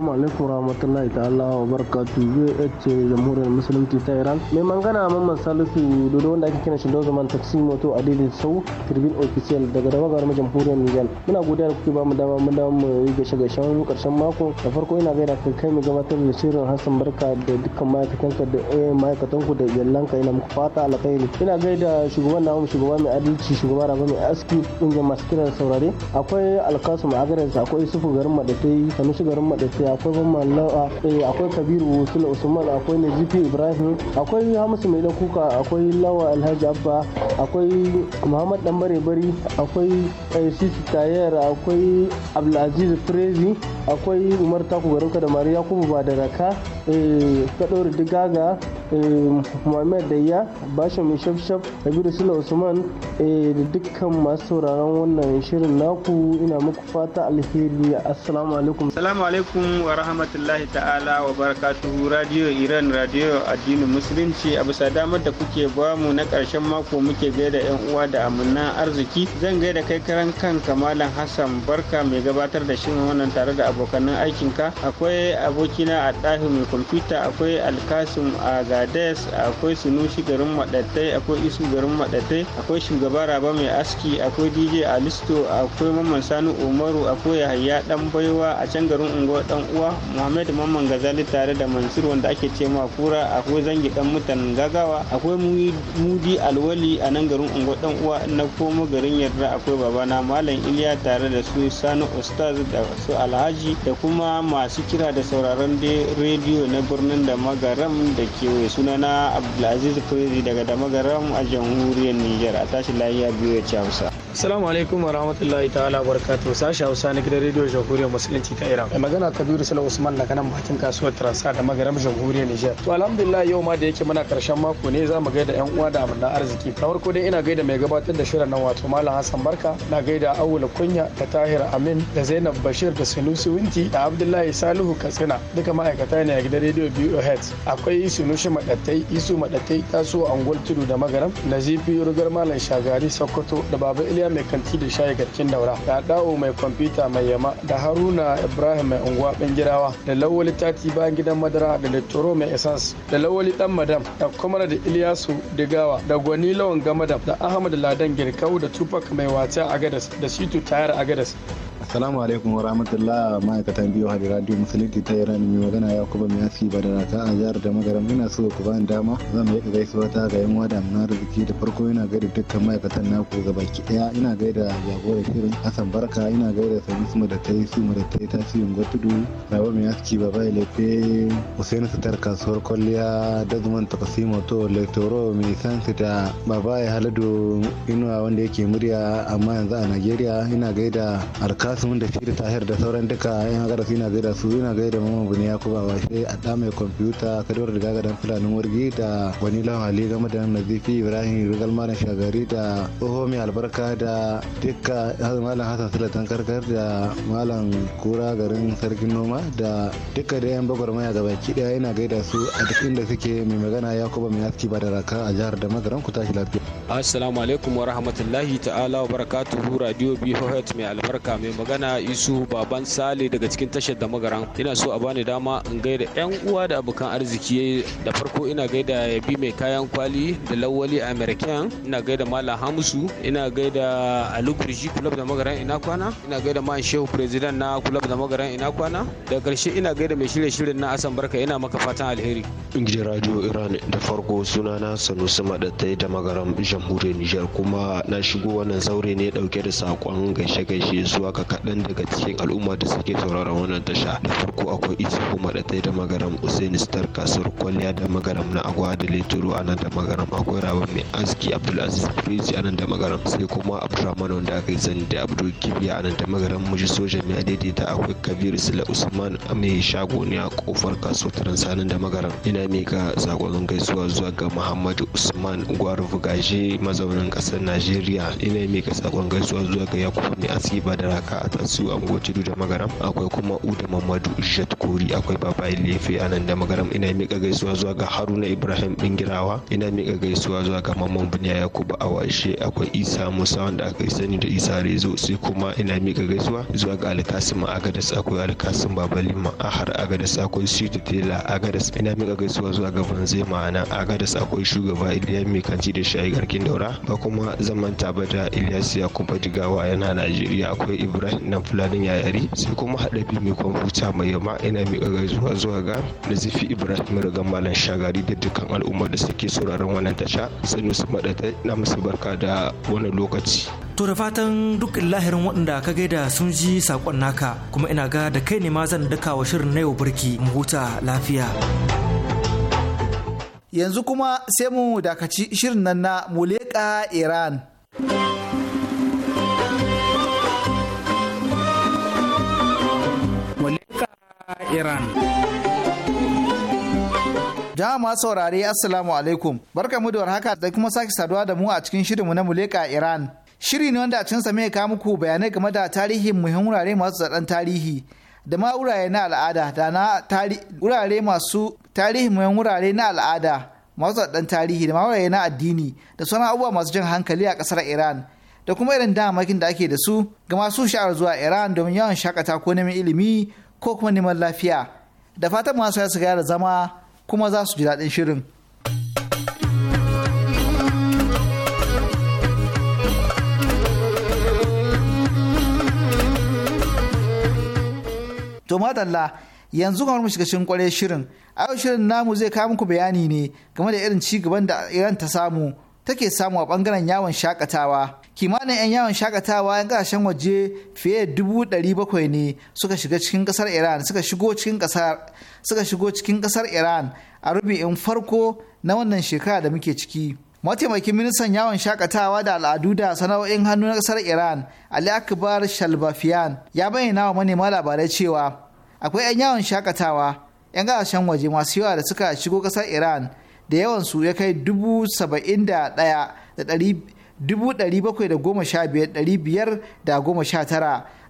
Assalamu alaikum warahmatullahi ta'ala wa barakatu VH jamhuriyar musulunci ta Iran. Mai mangana mamman Salisu Dodo wanda ake kira shi zaman taksi Moto a Daily Sau Tribune Official daga Damagar Jamhuriyar Nijar. Muna godiya da kuke ba mu dama mu dama mu yi gashe gashen karshen mako. Da farko ina gaida kai kai mu gabatar da shirin Hassan Barka da dukkan ma'aikatanka da eh, ma'aikatan ku da iyalanka ina muku fata alkhairi. Ina gaida shugaban namu shugaba mai adalci shugaba raba mai aski kungiyar masu kiran saurare. Akwai Alkasum sa akwai sufu garin Madatai Sanusi garin Madatai akwai ban mallawa eh, akwai kabiru wasu usman akwai nazifi ibrahim akwai hamisu mai dan kuka akwai lawa alhaji abba akwai muhammad dan bare bari akwai eh, sisi tayar akwai abdulaziz frezi akwai umar taku garinka da mariya yakubu ba da raka eh, kadori digaga muhammad dayya bashin mai shafshaf kabiru sula usman da dukkan masu sauraron wannan shirin naku ina muku fata alheri assalamu alaikum assalamu alaikum wa rahmatullahi ta'ala wa barakatuhu radio iran radio addinin musulunci a bisa damar da kuke bamu na karshen mako muke gaida yan uwa da aminan arziki zan gaida kai karan kan kamalan hassan barka mai gabatar da shirin wannan tare da abokanan aikinka akwai abokina a ɗahi mai kwamfuta akwai alkasim a gades akwai sunushi garin maɗattai akwai isu garin maɗattai akwai shugaba raba mai aski akwai dj alisto akwai mamman sani umaru akwai yahaya dan baiwa a can garin unguwar dan uwa muhammed mamman gazali tare da mansur wanda ake ce ma kura akwai zangi dan mutan gagawa akwai mudi alwali a nan garin ungo dan uwa na komo garin yarda akwai babana malam iliya tare da su sani ustaz da su alhaji da kuma masu kira da sauraron rediyo na birnin da magaram da kewaye sunana abdulaziz prezi daga da magaram a jamhuriyar niger a tashi lafiya biyu ya ci hausa Assalamu alaikum wa rahmatullahi ta'ala wa barakatuhu sashi Hausa na gidan rediyo Jamhuriyar Musulunci ta Iran. Mai magana Kabiru Sala Usman daga nan bakin kasuwar Transa da Magaram Jamhuriyar Nijar. To alhamdulillah yau ma da yake muna karshen mako ne za mu gaida yan uwa da abin arziki. Na farko dai ina gaida mai gabatar da shirin nan wato Malam Hassan Barka, na gaida Awul Kunya da Tahir Amin da Zainab Bashir da Sunusi Winti da Abdullahi Salihu Katsina duka ma'aikata ne a gidan rediyo Heads. Akwai Sunushi Madattai, Isu Madattai, Taso Angol Tudu da Magaram, Nazifi Rugar Malam Shagari Sokoto da Baba iliya mai kanti da shayi garkin daura da dawo mai kwamfuta mai yama da haruna ibrahim mai unguwa girawa da lawali tati bayan gidan madara da littoro mai essence da lawali dan madam da kwamara da ilyasu digawa da gwani lawan gamadam da ahmad ladan girkau da tupac mai wata agadas da situ tayar agadas Assalamu alaikum wa rahmatullah ma'aikatan biyu hadi radio musulunci ta Iran mai magana ya kuma mai aski ba da rata a jihar da magaram ina so ku bani dama zan yi ka gaisuwa ta ga yan wada na arziki da farko ina gaida dukkan ma'aikatan naku gabaki daya ina gaida da shirin Hassan Barka ina gaida sami su da tai su yi da tai tasirin Gwatudu Rawa mai aski baba Ilefe Hussein Sitar kasuwar kwalliya Dazman Takasimo to Lektoro mai sansi da baba haladu inuwa wanda yake murya amma yanzu a Najeriya ina gaida Alkas Alkasum da da Tahir da sauran duka yan haka su yana gaida su yana gaida Mamman Buniya Kuba Washe a ɗa mai kwamfuta Kadawar Riga ga ɗan Fulanin Wargi da Wani Lawali game da Nazifi Ibrahim Rigal Malam Shagari da Tsoho Mai Albarka da duka Malam hasan silatan Karkar da Malam Kura garin Sarkin Noma da duka da yan gaba ki daya yana gaida su a duk inda suke mai magana Yakuba Mai Aski raka a jihar da Magaran ku tashi lafiya. Assalamu alaikum wa rahmatullahi ta'ala wa barakatuhu radio BOH mai albarka mai magana magana isu baban sale daga cikin tashar da magaran ina so a bani dama in gaida yan uwa da abokan arziki da farko ina gaida yabi mai kayan kwali da lawali a american ina gaida malam hamsu ina gaida alukurji kurji kulab da magaran ina kwana ina gaida man shehu president na kulab da magaran ina kwana da karshe ina gaida mai shirye shirin na asan barka ina maka fatan alheri gidan radio iran da farko suna na sanusi madattai da magaran jamhuriyar nijar kuma na shigo wannan zaure ne dauke da sakon gaishe gaishe zuwa ka kaɗan daga cikin al'umma da suke sauraron wannan tasha da farko akwai isa maɗatai da magaram usaini star kasuwar kwalliya da magaram na agwa da leturu a nan da magaram akwai rabar mai aski abdulaziz firiji a nan da magaram sai kuma abdulrahman wanda aka yi zani da abdul kibiya a nan da magaram muji sojan mai daidaita akwai kabir sila usman mai shagoniya ne kofar kasuwar taransanin da magaram ina mika saƙon gaisuwa zuwa ga muhammadu usman gwaru bugaje mazaunin ƙasar najeriya ina mika saƙon gaisuwa zuwa ga yakubu mai asiba da raka fatsu anguwa tudu da magaram akwai kuma uda mamadu jet kori akwai baba ilefe a nan da magaram ina mika gaisuwa zuwa ga haruna ibrahim dingirawa ina mika gaisuwa zuwa ga mamman buniya yakubu awashe akwai isa musa wanda aka sani da isa rezo sai kuma ina mika gaisuwa zuwa ga alkasim agadas akwai alkasim baba A ahar agadas akwai sita tela agadas ina mika gaisuwa zuwa ga banze ma'ana agadas akwai shugaba iliya mai kanti da shayi garkin daura ba kuma zaman taba da ilyas yakubu digawa yana najeriya akwai ibrahim nan fulanin yayari sai kuma haɗabi mai kwamfuta mai yamma ina mai gaisuwa zuwa zuwa ga nazifi ibrahim rigan malam shagari da dukkan al'ummar da suke sauraron wannan tasha su maɗatai na musu barka da wani lokaci To da fatan duk lahirin waɗanda ka gaida sun ji saƙon naka kuma ina ga da kai ne ma zan daka wa shirin na yau birki mu huta lafiya. Yanzu kuma sai mu dakaci shirin nan na Muleka Iran. iran jama'a saurare assalamu alaikum barkamu da haka da kuma sake saduwa da mu a cikin shirinmu na muleka iran shiri ne wanda a cikin sa ka muku bayanai game da tarihin muhimman wurare masu zaɗan tarihi da ma wurare na al'ada da na wurare masu tarihin muhimman wurare na al'ada masu tarihi da ma wurare na addini da sauran abubuwa masu jan hankali a ƙasar iran da kuma irin damakin da ake da su ga masu sha'ar zuwa iran domin yawan shakata ko neman ilimi ko kuma neman lafiya da fatan masu su gyara zama kuma za su ji daɗin shirin. To madalla yanzu kamar mu shiga cikin kware shirin a yau shirin namu zai kawo muku bayani ne game da irin ci gaban da Iran ta samu take samu a bangaren yawon shakatawa. kimanin 'yan yawon shakatawa 'yan kasashen waje fiye da dubu ɗari bakwai ne suka shiga cikin ƙasar iran suka shigo cikin kasar iran a rubi'in farko na wannan shekara da muke ciki mataimakin ministan yawon shakatawa da al'adu da sana'o'in hannu na ƙasar iran ali akbar shalbafiyan ya bayyana wa manema labarai cewa akwai 'yan yawon shakatawa 'yan kasashen waje masu yawa da suka shigo kasar iran da yawansu ya kai dubu saba'in da ɗaya da ɗari tara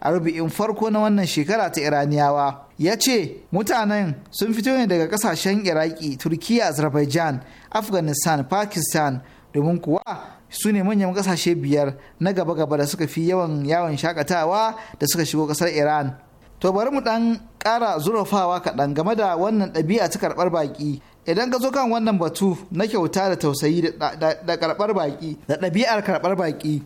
a rubi'in farko na wannan shekara ta iraniyawa ya ce mutanen sun fito ne daga kasashen iraki turkiya azerbaijan afghanistan pakistan domin kuwa su ne manyan kasashe biyar na gaba-gaba da suka fi yawan yawon shakatawa da suka shigo kasar iran to bari mu dan kara zurafawa kaɗan game da wannan ɗabi'a ta karɓar baƙi idan ka zo kan wannan batu na kyauta da tausayi da karɓar baƙi da ɗabi'ar karɓar baƙi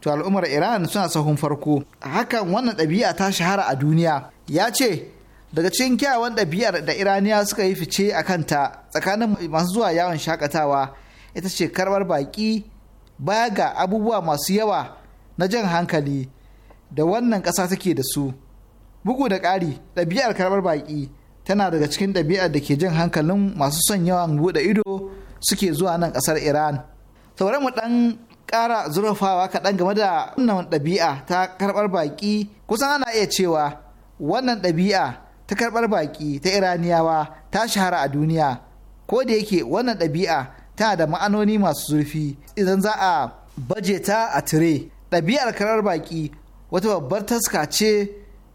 to al'ummar iran suna sahun farko hakan wannan ɗabi'a ta shahara a duniya ya ce daga cikin kyawawan ɗabi'ar da iraniya suka yi fice a kanta tsakanin masu zuwa yawon shakatawa ita ce karɓar baƙi baya ga abubuwa masu yawa na jan hankali da wannan ƙasa take da su bugu da ƙari ɗabi'ar karɓar baƙi tana daga cikin ɗabi'ar da ke jin hankalin masu son yawan buɗe ido suke zuwa nan ƙasar iran sauran mu ɗan ƙara zurfawa kaɗan game da wannan ɗabi'a ta karɓar baƙi kusan ana iya cewa wannan ɗabi'a ta karɓar baƙi ta iraniyawa ta shahara a duniya ko da yake wannan ɗabi'a tana da ma'anoni masu zurfi idan za a baje ta a tire ɗabi'ar karar baƙi wata babbar taska ce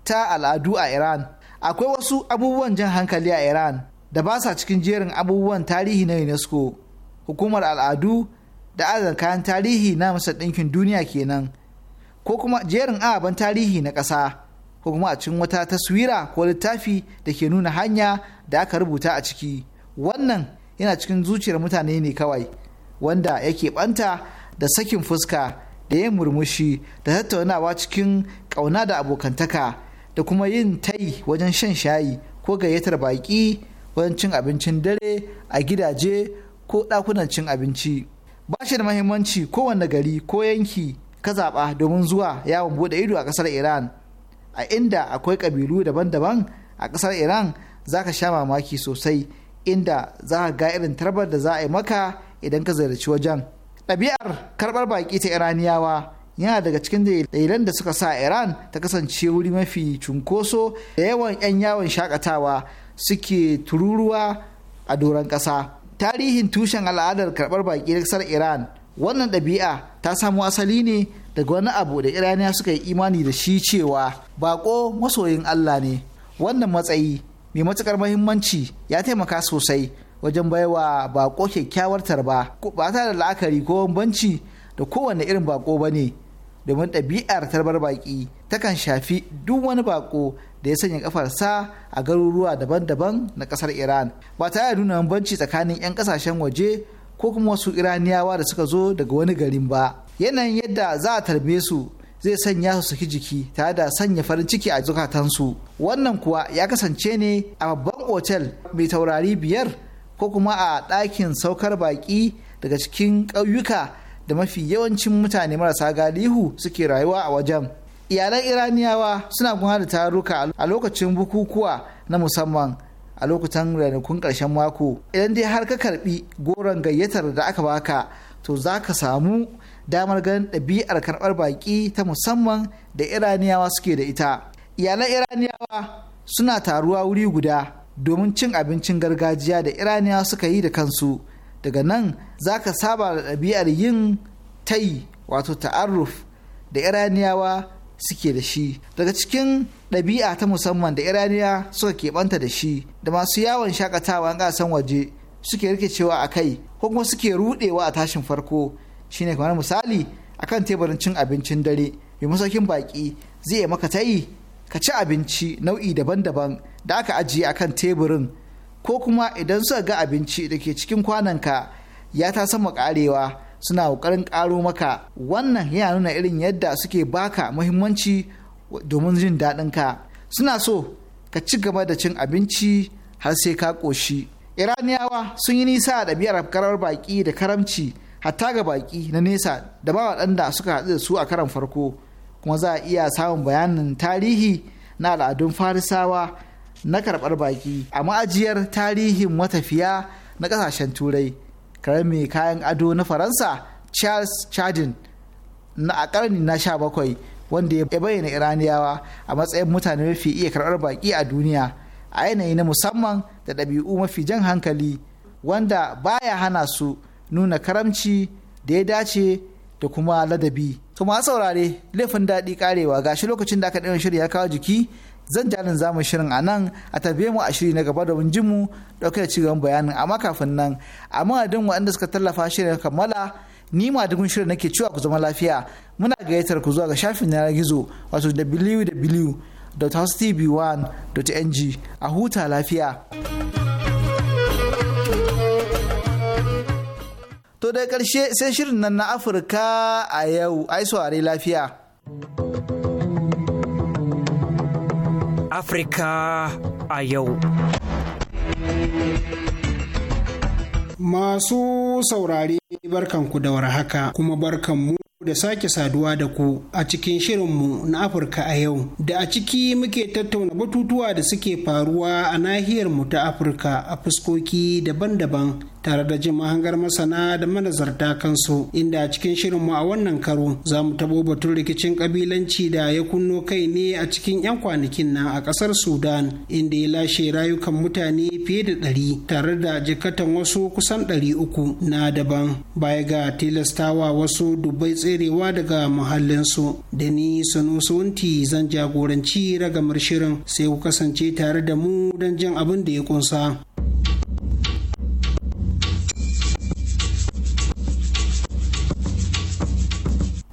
ta al'adu a iran akwai wasu abubuwan jan hankali a iran da ba sa cikin jerin abubuwan tarihi na unesco hukumar al'adu da adana kayan tarihi na masar ɗinkin duniya kenan ko kuma jerin ababen tarihi na ƙasa ko kuma a cikin wata taswira ko littafi da ke nuna hanya da aka rubuta a ciki wannan yana cikin zuciyar mutane ne kawai wanda yake ɓanta da sakin fuska da yin murmushi da tattaunawa cikin ƙauna da abokantaka da kuma yin tai wajen shan shayi ko gayyatar baƙi wajen cin abincin dare a gidaje ko ɗakunan cin abinci ba shi da mahimmanci kowane gari ko yanki ka zaɓa domin zuwa yawon bude ido a ƙasar iran a inda akwai ƙabilu daban-daban a ƙasar iran za ka sha mamaki sosai inda za ka ga irin tarbar da za a yi maka idan ka ziyarci wajen ɗabi'ar karɓar baƙi ta iraniyawa yana daga cikin dalilan da suka sa iran ta kasance wuri mafi cunkoso da yawan 'yan yawon shakatawa suke tururuwa a doron ƙasa tarihin tushen al'adar karɓar baƙi ƙasar iran wannan ɗabi'a ta samo asali ne daga wani abu da iraniya suka yi imani da shi cewa baƙo masoyin allah ne wannan matsayi mai matuƙar mahimmanci ya taimaka sosai wajen baiwa baƙo kyakkyawar tarba ba ta da la'akari ko banci da kowane irin baƙo ba ne domin ɗabi'ar tarbar baƙi takan shafi duk wani baƙo da ya sanya kafarsa a garuruwa daban-daban na ƙasar iran ba tare da nuna bambanci tsakanin 'yan ƙasashen waje ko kuma wasu iraniyawa da suka zo daga wani garin ba yanayin yadda za a tarbe su zai sanya su saki jiki tare da sanya farin ciki a zukatansu wannan kuwa ya kasance ne a babban otel mai taurari biyar ko kuma a ɗakin saukar baƙi daga cikin ƙauyuka da mafi yawancin mutane marasa galihu suke rayuwa a wajen iyalan iraniyawa suna gudanar da taruka a lokacin bukukuwa na musamman a lokutan ranakun ƙarshen mako idan dai har ka karbi goron gayyatar da aka baka to za ka samu damar ganin ɗabi'ar karɓar baƙi ta musamman da iraniyawa suke da ita iyalan iraniyawa suna taruwa wuri guda domin cin abincin gargajiya da iraniyawa suka yi da kansu daga nan za ka saba da ɗabi'ar yin tai wato ta'arruf da iraniyawa suke da shi daga cikin ɗabi'a ta musamman da iraniya suka keɓanta da shi da masu yawon shakatawa an ƙasan waje suke rikicewa a kai ko kuma suke ruɗewa a tashin farko shine kamar misali akan teburin cin abincin dare mai masaukin baƙi zai yi maka tayi ka ci abinci nau'i daban-daban da aka ajiye akan teburin ko kuma idan suka ga abinci da ke cikin kwananka ya ta sama karewa suna ƙoƙarin ƙaro maka wannan yana nuna irin yadda suke baka muhimmanci domin jin ka. suna so ka ci gaba da cin abinci har sai ka ƙoshi iraniyawa sun yi nisa da biyar karar baƙi da karamci hatta ga baƙi na nesa da ba waɗanda suka haɗu da su a karan farko kuma za a iya samun bayanin tarihi na al'adun farisawa na karɓar baƙi a ma'ajiyar tarihin matafiya na ƙasashen turai karami kayan ado na faransa charles chardin na a ƙarni na sha bakwai wanda ya bayyana iraniyawa a matsayin mutane mafi iya karɓar baki a duniya a yanayi na musamman da ɗabi'u mafi jan hankali wanda baya hana su nuna karamci da ya dace da kuma ladabi. kuma masu saurare laifin daɗi karewa gashi lokacin da aka ɗaya shirya kawo jiki zan jarin zamu shirin a nan a tabe mu a shiri na gaba domin jin mu dauke da cigaban bayanin amma kafin nan a madadin waɗanda suka tallafa shirin kammala ni ma dukun shirin nake cewa ku zama lafiya muna gayyatar ku zuwa ga shafin yanar gizo wato wwwhostv 1ng a huta lafiya. To da ƙarshe sai shirin nan na Afirka a yau ai saurari lafiya. Afirka a yau. Masu saurare ku da warhaka kuma barkanmu da sake saduwa da ku a cikin shirinmu na Afirka a yau da a ciki muke tattauna batutuwa da suke faruwa a nahiyarmu ta Afirka a fuskoki daban-daban tare da jin mahangar masana da manazarta kansu inda a cikin shirin mu a wannan karo za mu tabo batun rikicin kabilanci da ya kunno kai ne a cikin 'yan kwanakin nan a ƙasar sudan inda ya lashe rayukan mutane fiye da ɗari tare da jikatan wasu kusan ɗari uku na daban baya ga tilastawa wasu dubbai tserewa daga muhallinsu da ni sunusunti zan jagoranci ragamar shirin sai ku kasance tare da mu don jin abin da ya kunsa.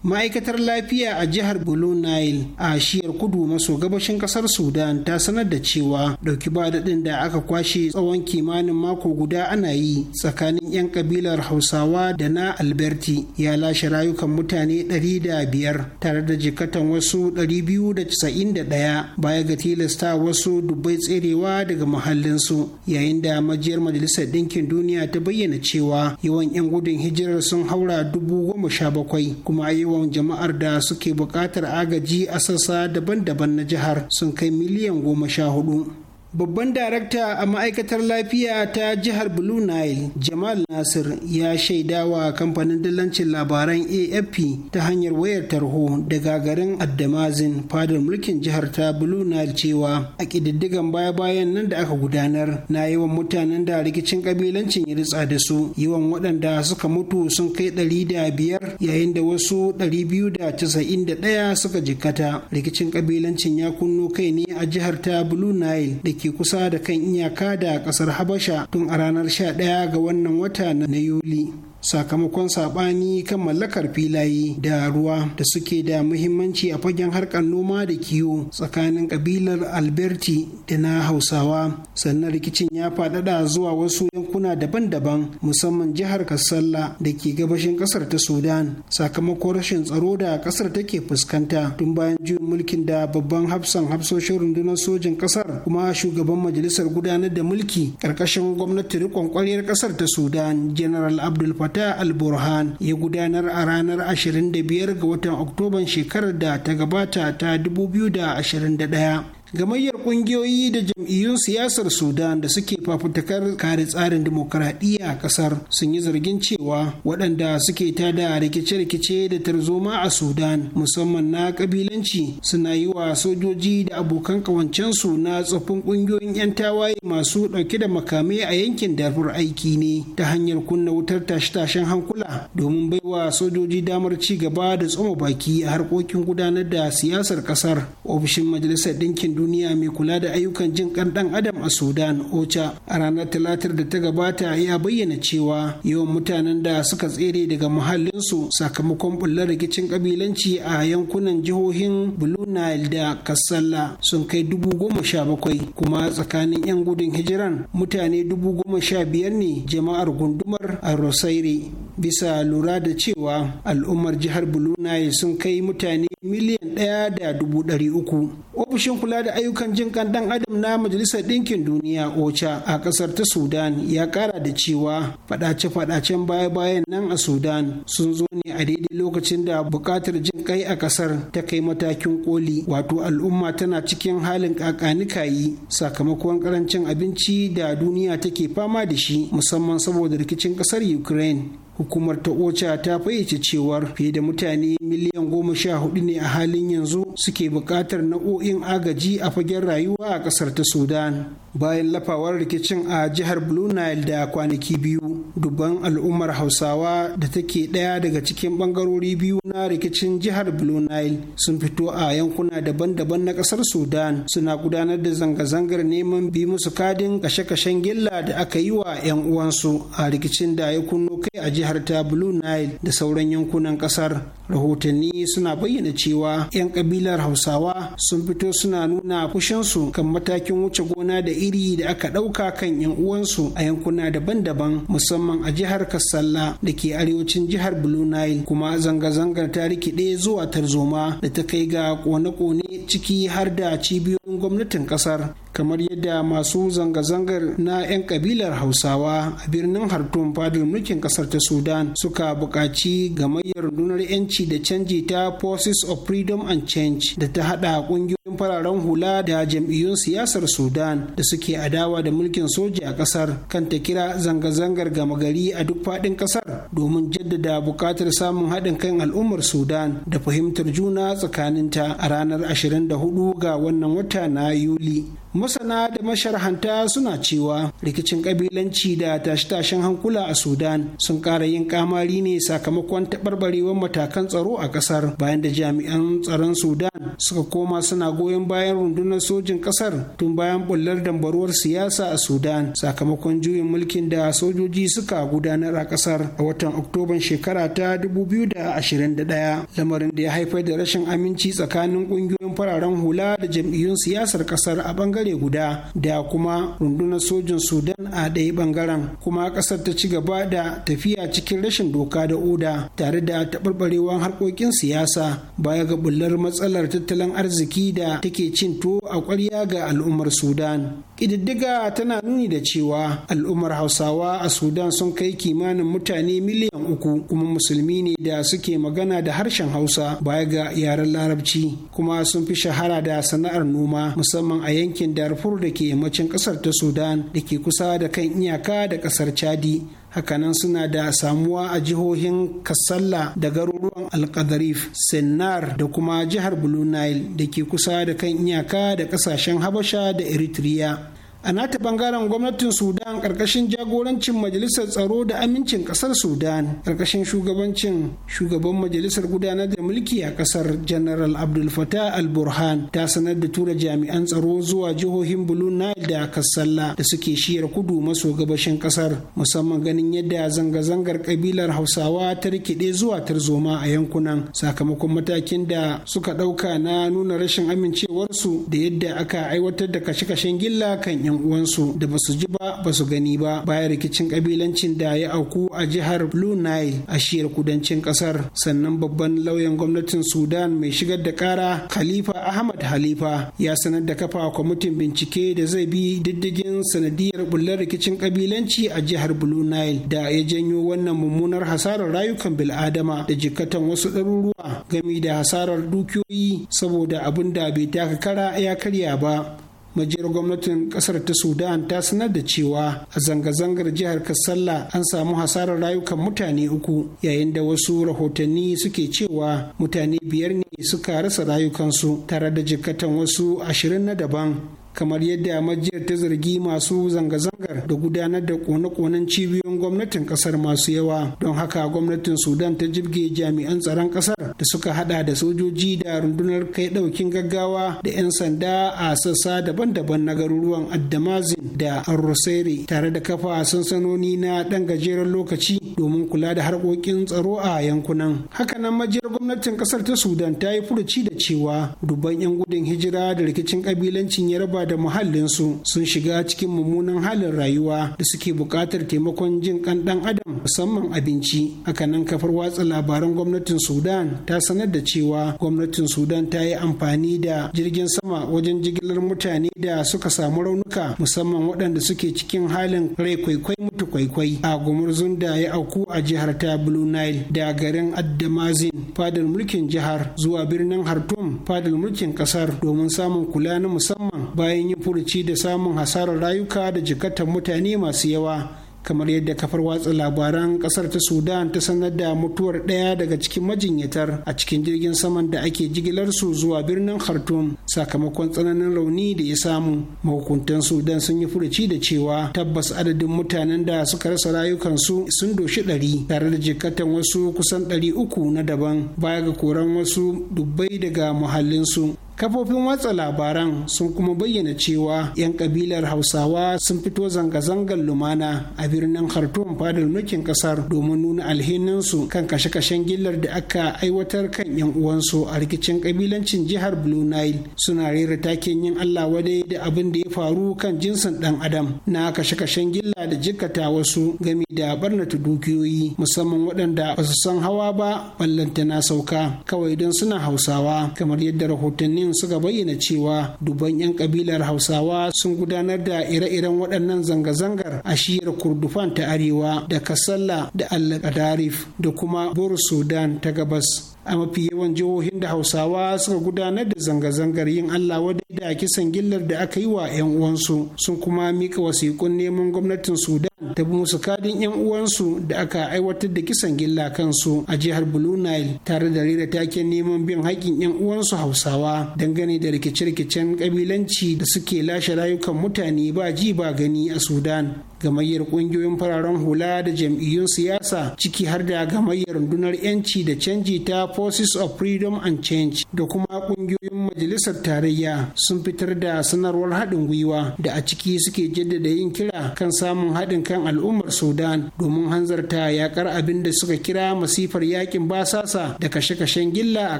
ma'aikatar lafiya a jihar blue nile a shiyar kudu maso gabashin kasar sudan ta sanar da cewa dauki ba daɗin da aka kwashe tsawon kimanin mako guda ana yi tsakanin 'yan kabilar hausawa da na alberti ya lashe rayukan mutane 500 tare da jikatan wasu 291 baya ga tilasta wasu dubbai tserewa daga mahallinsu yayin da majiyar majalisar ɗinkin duniya ta bayyana cewa yawan 'yan gudun hijirar sun haura dubu goma sha bakwai kuma a yawan jama'ar da suke buƙatar agaji a sassa daban-daban na jihar sun kai miliyan goma sha hudu Babban darakta a ma'aikatar lafiya ta jihar Blue Nile, Jamal Nasir, ya shaidawa kamfanin dillancin labaran AFP ta hanyar wayar tarho daga garin Addamazin fadar mulkin jihar ta Blue Nile cewa a ƙididdigan baya-bayan nan da aka gudanar na yawan mutanen da rikicin ƙabilancin ya ritsa da su, yawan waɗanda suka mutu sun kai ɗari da biyar yayin da wasu ɗari biyu da casa'in da ɗaya suka jikkata. Rikicin ƙabilancin ya kunno kai ne a jihar ta Blue Nile da ke kusa da kan iyaka da kasar habasha tun a ranar 11 ga wannan wata na yuli sakamakon saɓani kan mallakar filaye da ruwa da suke da muhimmanci a fagen harkar noma da kiwo tsakanin kabilar alberti da na hausawa sannan rikicin ya faɗaɗa zuwa wasu yankuna daban-daban musamman jihar kassala da ke gabashin ƙasar ta sudan sakamakon rashin tsaro da ƙasar take fuskanta tun bayan juyin mulkin da babban hafsan hafsoshin rundunar sojin ƙasar kuma shugaban majalisar gudanar da mulki ƙarƙashin gwamnati riƙon ƙwaryar ƙasar ta sudan general abdul mata alburhan ya gudanar a ranar 25 ga watan oktoban shekarar da ta gabata ta 2021 gamayyar kungiyoyi da jam'iyyun siyasar sudan da suke fafutukar kare tsarin dimokuraɗiyya a kasar sun yi zargin cewa waɗanda suke tada rikice-rikice da tarzoma a sudan musamman na ƙabilanci suna yi wa sojoji da abokan ƙawancensu na tsoffin ƙungiyoyin 'yan tawaye masu ɗauke da makamai a yankin darfur aiki ne ta hanyar kunna wutar tashe-tashen hankula domin baiwa sojoji damar ci gaba da tsoma baki a harkokin gudanar da siyasar kasar ofishin majalisar ɗinkin duniya mai kula da ayyukan jin kan dan adam a sudan ocha a ranar talatar da ta gabata ya bayyana cewa yawan mutanen da suka tsere daga muhallinsu sakamakon bullar rikicin kabilanci a yankunan jihohin blue da kasala sun kai dubu goma sha bakwai kuma tsakanin yan gudun hijiran mutane dubu goma sha biyar ne jama'ar gundumar a rosaire bisa lura da cewa al'ummar jihar blue nile sun kai mutane miliyan ɗaya da dubu ɗari uku ofishin kula da ayyukan jin kan dan adam na majalisar ɗinkin duniya ocha a ƙasar ta sudan ya ƙara da cewa faɗace-faɗacen baya-bayan nan a sudan sun zo ne a daidai lokacin da buƙatar jin kai a ƙasar ta kai matakin koli wato al'umma tana cikin halin ƙaƙanikayi sakamakon ƙarancin abinci da duniya take fama da shi musamman saboda rikicin ƙasar ukraine hukumar ta ocha ta fayyace cewar fiye da mutane miliyan goma sha hudu ne a halin yanzu suke buƙatar nau'o'in agaji a fagen rayuwa a ƙasar ta sudan bayan lafawar rikicin a jihar blue nile da kwanaki biyu dubban al'ummar hausawa da take ɗaya daga cikin ɓangarori biyu na rikicin jihar blue nile sun fito a yankuna daban-daban na ƙasar sudan suna gudanar da zanga-zangar neman bi musu kadin kashe-kashen gilla da aka yi wa 'yan uwansu a rikicin da ya kunno kai a jihar ta blue nile da sauran yankunan kasar rahotanni suna bayyana cewa 'yan kabilar hausawa sun fito suna nuna kushinsu kan matakin wuce gona da iri da aka ɗauka kan 'yan uwansu a yankuna daban-daban musamman a jihar kassala da ke arewacin jihar blue nile kuma zanga-zangar ta rikide zuwa tarzoma da ta kai ga kone-kone ciki har da cibiyoyin gwamnatin kasar kamar yadda masu zanga-zangar na 'yan kabilar hausawa a birnin hartum fadar mulkin kasar ta sudan suka buƙaci gamayyar rundunar 'yanci da canji ta forces of freedom and change da ta haɗa ƙungiyoyin fararen hula da jam'iyyun siyasar sudan da suke adawa da mulkin soja a ƙasar kan ta kira zanga-zangar gama gari a duk faɗin ƙasar domin jaddada buƙatar samun haɗin kan al'ummar sudan da fahimtar juna tsakaninta a ranar 24 ga wannan wata na yuli masana da masharhanta suna cewa rikicin kabilanci da tashe-tashen hankula a sudan sun ƙara yin kamari ne sakamakon taɓarɓarewar matakan tsaro a ƙasar bayan da jami'an tsaron sudan suka koma suna goyon bayan rundunar sojin ƙasar tun bayan bullar dambaruwar siyasa a sudan sakamakon juyin mulkin da sojoji suka gudanar a ƙasar a watan oktoban shekara ta 2021 lamarin da ya haifar da rashin aminci tsakanin ƙungiyoyin fararen hula da jam'iyyun siyasar ƙasar a bangare. bangare guda da kuma rundunar sojin sudan a ɗaya bangaren kuma ƙasar ta ci gaba da tafiya cikin rashin doka da oda tare da taɓarɓarewar harkokin siyasa baya ga bullar matsalar tattalin arziki da take cin to a ƙwarya ga al'ummar sudan ƙididdiga tana nuni da cewa al'ummar hausawa a sudan sun kai kimanin mutane miliyan uku kuma musulmi ne da suke magana da harshen hausa baya ga yaren larabci kuma sun fi shahara da sana'ar noma musamman a yankin darfur da ke yammacin kasar ta sudan da ke kusa da kan iyaka da kasar chadi hakanan suna da samuwa a jihohin kasalla da garuruwan alkadarif sennar da kuma jihar blue nile da ke kusa da kan iyaka da kasashen habasha da eritrea a nata bangaren gwamnatin sudan karkashin jagorancin majalisar tsaro da amincin kasar sudan karkashin shugabancin shugaban majalisar gudanar da mulki a kasar general abdul fatah al burhan ta sanar da tura jami'an tsaro zuwa jihohin blue nile da kassala da suke shiyar kudu maso gabashin kasar musamman ganin yadda zanga-zangar kabilar hausawa ta rikide zuwa tarzoma a yankunan sakamakon matakin da suka ɗauka na nuna rashin amincewarsu da yadda aka aiwatar da kashe-kashen gilla kan 'yan uwansu da ba su ji ba ba su gani ba bayan rikicin kabilancin da ya auku a jihar Blue Nile a shiyar kudancin kasar sannan babban lauyan gwamnatin Sudan mai shigar da kara Khalifa Ahmad Halifa ya sanar da kafa kwamitin bincike da zai bi diddigin sanadiyar bullar rikicin kabilanci a jihar Blue Nile da ya janyo wannan mummunar hasarar rayukan bil'adama da jikatan wasu ɗaruruwa gami da hasarar dukiyoyi saboda abin da bai taka kara ya karya ba majiyar gwamnatin kasar ta sudan ta sanar da cewa a zanga-zangar jihar kassala an samu hasarar rayukan mutane uku yayin da wasu rahotanni suke cewa mutane biyar ne suka rasa rayukansu tare da jikkatan wasu ashirin na daban kamar yadda majiyar ta zargi masu zanga-zangar da gudanar da kone-konen cibiyoyin gwamnatin kasar masu yawa don haka gwamnatin sudan ta jibge jami'an tsaron kasar da suka hada da sojoji da rundunar kai daukin gaggawa da 'yan sanda a sassa daban-daban na garuruwan addamazin da arrosere tare da kafa sansanoni na dan gajeren lokaci domin kula da harkokin tsaro a yankunan hakanan majiyar gwamnatin kasar ta sudan ta yi furuci da cewa dubban 'yan gudun hijira da rikicin kabilancin yaraba da muhallinsu sun shiga cikin mummunan halin rayuwa da suke buƙatar taimakon jin ƙanɗan ɗan adam musamman abinci hakanan kafar watsa labaran gwamnatin sudan ta sanar da cewa gwamnatin sudan ta yi amfani da jirgin sama wajen jigilar mutane da suka samu raunuka musamman waɗanda suke cikin halin rai kwaikwai mutu kwaikwai a gumurzun da ya auku a jihar ta blue nile da garin addamazin fadar mulkin jihar zuwa birnin hartum fadar mulkin kasar domin samun kula na musamman bayan bayan yin furuci da samun hasarar rayuka da jikatan mutane masu yawa kamar yadda kafar watsa labaran kasar ta sudan ta sanar da mutuwar ɗaya daga cikin majinyatar a cikin jirgin saman da ake jigilar su zuwa birnin khartoum sakamakon tsananin rauni da ya samu mahukuntan sudan sun yi furuci da cewa tabbas adadin mutanen da suka rasa rayukansu sun doshi ɗari tare da jikatan wasu kusan ɗari uku na daban baya ga koran wasu dubbai daga muhallinsu kafofin watsa labaran sun kuma bayyana cewa 'yan kabilar hausawa sun fito zanga-zangar lumana a birnin khartoum fadar nukin kasar domin nuna alhininsu kan kashe-kashen gillar da aka aiwatar kan 'yan uwansu a rikicin kabilancin jihar blue nile suna rera takin yin allah wadai da abin da ya faru kan jinsin dan adam na kashe-kashen gilla da jikkata wasu gami da barnata dukiyoyi musamman waɗanda ba su san hawa ba ballanta na sauka kawai don suna hausawa kamar yadda rahotanni rahotannin suka bayyana cewa duban 'yan kabilar hausawa sun gudanar da ire-iren waɗannan zanga-zangar a shiyar kurdufan ta arewa da kasalla da alqadarif da kuma bur sudan ta gabas a mafi yawan jihohin da hausawa suka gudanar da zanga-zangar yin allah wadai da kisan gillar da aka yi wa 'yan uwansu sun kuma mika wasiƙun neman gwamnatin sudan ta bi musu kadin 'yan uwansu da aka aiwatar da kisan gilla kansu a jihar blue nile tare da rera taken neman bin haƙƙin 'yan uwansu hausawa dangane da rikice-rikicen ƙabilanci da suke lashe rayukan mutane ba ji ba gani a sudan gamayyar ƙungiyoyin fararen hula da jam'iyyun siyasa ciki har da gamayyar rundunar yanci da canji ta forces of freedom and change da kuma ƙungiyoyin majalisar tarayya sun fitar da sanarwar haɗin gwiwa da a ciki suke jaddada yin kira kan samun haɗin kan al'ummar sudan domin hanzarta yakar abin da suka kira masifar yakin basasa da kashe-kashen gilla a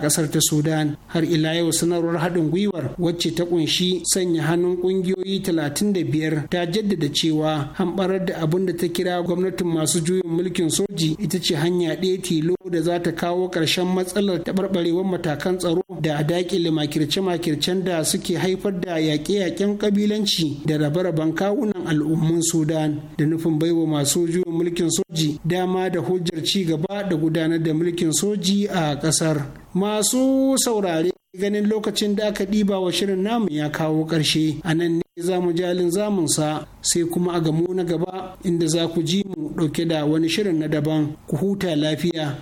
ƙasar ta sudan har ila yau sanarwar haɗin gwiwar wacce ta ƙunshi sanya hannun kungiyoyi biyar ta jaddada cewa hamɓarar da abin da ta kira gwamnatin masu juyin mulkin soji ita ce hanya ɗaya tilo da za ta kawo ƙarshen matsalar taɓarɓarewar matakan tsaro da daƙile makirce-makircen da suke haifar da yaƙe-yaƙen ƙabilanci da rabe-raben kawunan al'ummun sudan da nufin baiwa masu juyin mulkin soji dama da hujjar ci gaba da gudanar da mulkin soji a ƙasar masu saurare ganin lokacin da aka ɗiba wa shirin namu ya kawo ƙarshe a nan ne za mu jalin zamunsa sai kuma a gamo na gaba inda za ku ji mu ɗauke da wani shirin na daban ku huta lafiya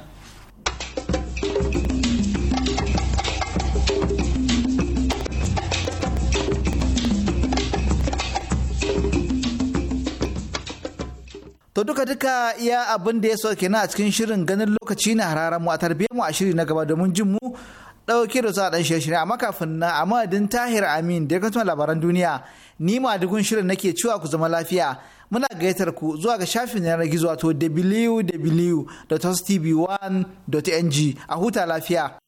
To duka duka iya abin da ya sauke na a cikin shirin ganin lokaci na hararan mu a tarbiyyar mu a shiri na gaba domin jin mu ɗauki da zuwa ɗan shirye-shirye amma kafin na a madadin tahir amin da ya kasance labaran duniya ni ma dukun shirin nake cewa ku zama lafiya muna gayyatar ku zuwa ga shafin yanar gizo wato www.tv1.ng a huta lafiya.